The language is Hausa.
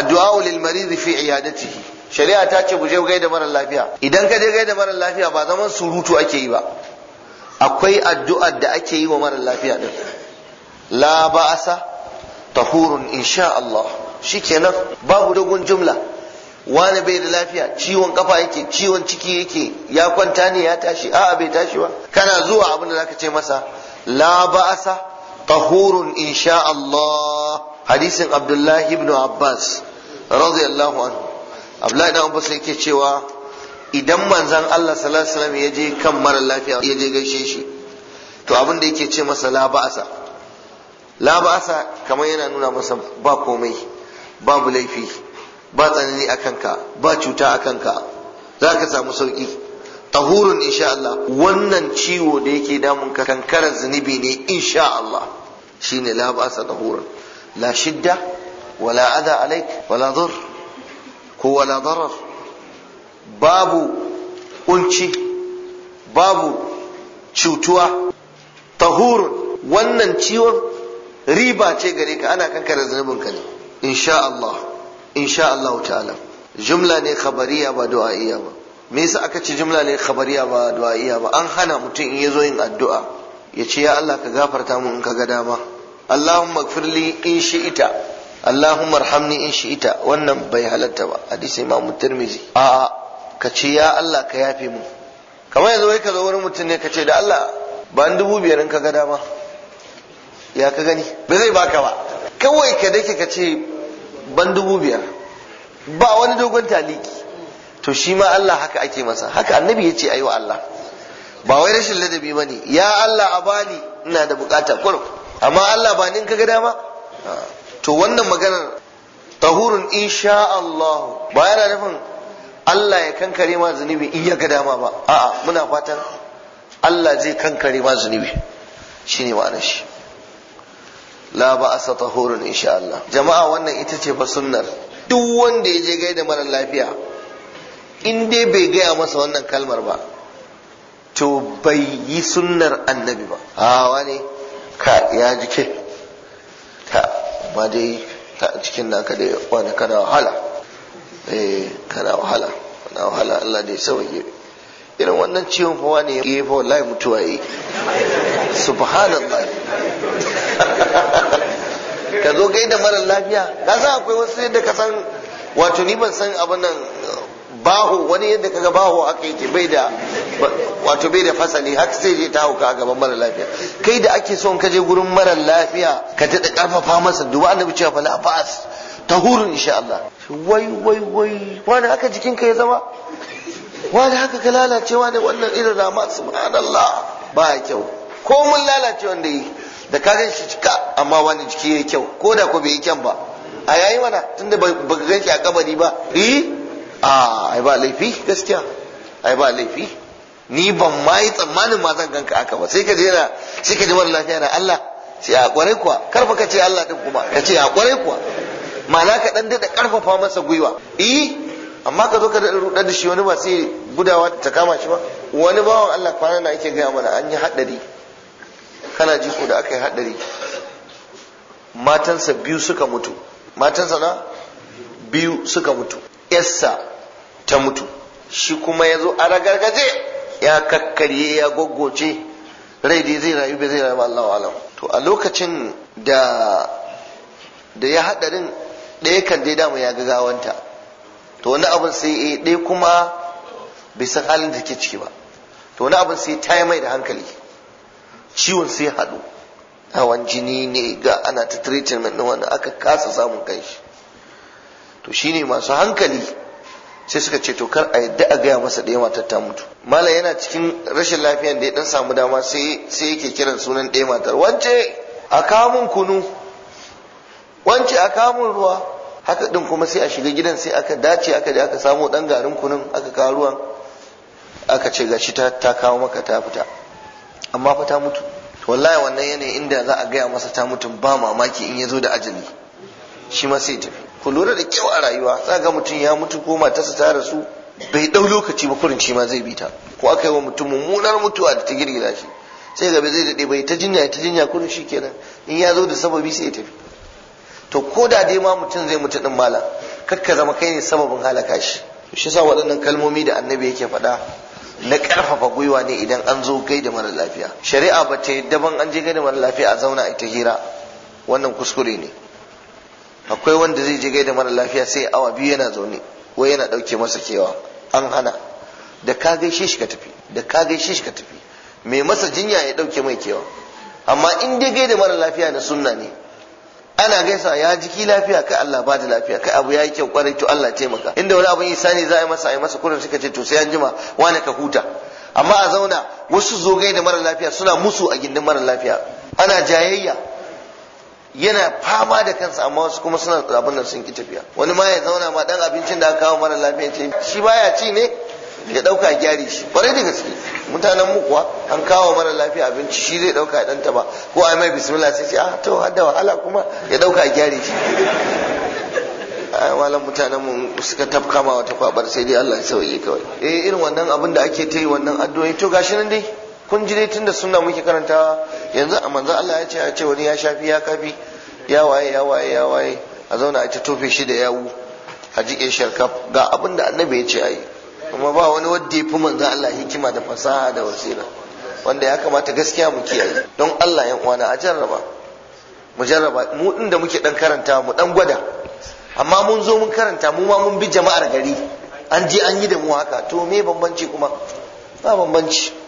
addu'a lil marid fi iyadatihi shari'a ta ce ku je gaida mara lafiya idan ka je gaida mara lafiya ba zaman surutu ake yi ba akwai addu'ar da ake yi wa mara lafiya din la ba'asa tahurun insha Allah shikenan babu dogon jumla wani bai da lafiya ciwon kafa yake ciwon ciki yake ya kwanta ne ya tashi a'a bai tashi ba kana zuwa abin da zaka ce masa la ba'asa tahurun insha Allah hadisin Abdullahi ibn Abbas radiyallahu anhu abdullahi dan abbas yake cewa idan manzon Allah sallallahu ya je kan mara lafiya ya je gaishe shi to abin da yake ce masa la ba'asa la ba'asa kamar yana nuna masa ba komai babu laifi ba tsanani a kanka ba cuta a kanka za ka samu sauki tahurun insha Allah wannan ciwo da yake damun ka kankarar zunubi ne insha Allah shine la ba'asa tahurun la shidda wala adha alaik wala dhur ko wala darar babu kunci babu cutuwa tahurun wannan ciwon riba ce gare ka ana kankare zunubin ka ne insha Allah insha Allah ta'ala jumla ne khabariya ba du'a'iyya ba me yasa aka ce jumla ne khabariya ba du'a'iyya ba an hana mutum in yazo yin addu'a ya ce ya Allah ka gafarta mu in ka ga dama Allahumma gfirli in shi'ita Allahumma ارحمني in شئت wannan bai halatta ba hadisi Imam tirmizi a ka ce ya Allah ka yafe mu kamar yanzu wai ka zo wurin mutum ne ka ce da Allah ba an dubu biyar in ka ga dama ya ka gani ba zai baka ba kawai ka dake ka ce ban dubu biyar ba wani dogon taliki to shi ma Allah haka ake masa haka annabi ya ce ayi wa Allah ba wai rashin ladabi ba ne ya Allah a bani ina da bukata kurum amma Allah ba ni in ka ga dama to wannan maganar tahurun insha Allah ba yana nufin Allah ya kankare ma zunubi in ya ga dama ba a'a muna fatan Allah zai kankare ma zunubi shine ma'anar shi la asa tahurun insha Allah jama'a wannan ita ce ba sunnar duk wanda ya je gaida mara lafiya in dai bai gaya masa wannan kalmar ba to bai yi sunnar annabi ba a wani ka ya ji ba dai ta cikin naka da kwana kana wahala eh kana wahala kana wahala Allah dai sauye irin wannan ciwon fa wani ya fa wallahi mutuwa yi subhanallah ka zo gai da mara lafiya ka san akwai wasu yadda ka san wato ni ban san abin nan baho wani yadda kaga baho aka yake bai da wato bai da fasali har sai je ta hauka a gaban mara lafiya kai da ake son ka je gurin mara lafiya ka daɗa ƙarfafa masa duba annabi cewa fala la ta tahurun insha Allah wai wai wai wani haka jikinka ya zama wani haka ka lalace ne wannan irin rama subhanallah ba kyau ko mun lalace wanda yi da ka gan shi cika amma wani jiki yayi kyau ko da ko bai yi kyan ba a yayi mana tunda ba ka gan shi a kabari ba eh a ah, ai ba laifi gaskiya ai ba laifi ni ban ma yi tsammanin ma zan ganka aka ba sai ka je na sai ka ji mara lafiya na Allah sai a kwarai kuwa karfa ka ce Allah din kuma ka ce a kwarai kuwa ma'ana ka dan daɗa karfafa masa gwiwa eh amma ka zo ka daɗa rudar da shi wani ba sai gudawa ta kama shi ba wani bawan Allah kwana na ake gaya mana an yi haɗari kana ji ko da aka yi haɗari matansa biyu suka mutu matansa na biyu suka mutu yassa ta mutu shi kuma ya zo a ragargaje ya kakkarye ya goggoce rai dai zai rayu bai zai rayu Allah alam to a lokacin da da ya hadarin ɗaya kan dai dama ya gagawanta to wani abin sai ya eh, ɗaya kuma bai san halin da ke ciki ba to wani abin sai ta yi mai da hankali ciwon sai haɗu hawan jini ne ga ana ta treatment ɗin wanda aka kasa samun kanshi to shine masu hankali sai suka ce to kar a yadda a gaya masa ɗaya matar ta mutu malam yana cikin rashin lafiyan da ya dan samu dama sai yake kiran sunan ɗaya matar wance a kamun kunu wance a kamun ruwa haka din kuma sai a shiga gidan sai aka dace aka je aka samu dan garin kunun aka kawo ruwan aka ce gashi ta ta kawo maka ta fita amma fa ta mutu wallahi wannan yanayin inda za a gaya masa ta mutu ba mamaki in ya zo da ajali shi ma sai tafi ku lura da kyau a rayuwa za ga mutum ya mutu ko matarsa ta rasu bai dau lokaci ba kurin shi ma zai bi ta ko aka yi wa mutum mummunar mutuwa da ta girgiza shi sai gaba zai dade bai ta jinya ta jinya kurin shi kenan in ya zo da sababi sai ya tafi to ko da dai ma mutum zai mutu din mala kakka zama kai ne sababin halaka shi shi sa waɗannan kalmomi da annabi yake faɗa na ƙarfafa gwiwa ne idan an zo gai da mara lafiya shari'a ba ta yadda ban an je da mara lafiya a zauna a ta hira wannan kuskure ne akwai wanda zai je gaida mara lafiya sai awa biyu yana zaune wai yana dauke masa kewa an hana da ka gaishe shi ka tafi da ka gaishe shi ka tafi mai masa jinya ya dauke mai kewa amma in dai gaida mara lafiya na sunna ne ana gaisa ya jiki lafiya kai Allah ba da lafiya kai abu yayi kyau kwarai to Allah taimaka inda wani abun isani za a yi masa a yi masa kurin suka ce to sai an jima wani ka huta amma a zauna wasu zo gaida mara lafiya suna musu a gindin mara lafiya ana jayayya yana fama da kansa amma wasu kuma suna abin nan sun ki tafiya wani ma ya zauna ma dan abincin da aka kawo mara lafiya ce shi baya ci ne ya dauka gyari shi kwarai da gaske mutanen mu kuwa an kawo mara lafiya abinci shi zai dauka dan ta ba ko ai mai bismillah sai ce ah to har da wahala kuma ya dauka gyari shi ai walan mutanen mu suka tafka ma wata kwabar sai dai Allah ya sauye kawai eh irin wannan abin da ake ta yi wannan addu'o'i to gashi nan dai kun ji dai tunda sunna muke karantawa yanzu a manzo Allah ya ce ya ce wani ya shafi ya kafi ya waye ya waye ya waye a zauna a ci tofe shi da yawu a jike sharkaf ga abin da annabi ya ce ayi kuma ba wani wanda ya fi manzon Allah hikima da fasaha da wasila wanda ya kamata gaskiya mu kiyaye don Allah yan uwana a jarraba mu jarraba mu din da muke dan karanta mu dan gwada amma mun zo mun karanta mu ma mun bi jama'ar gari an je an yi da mu haka to me bambanci kuma ba bambanci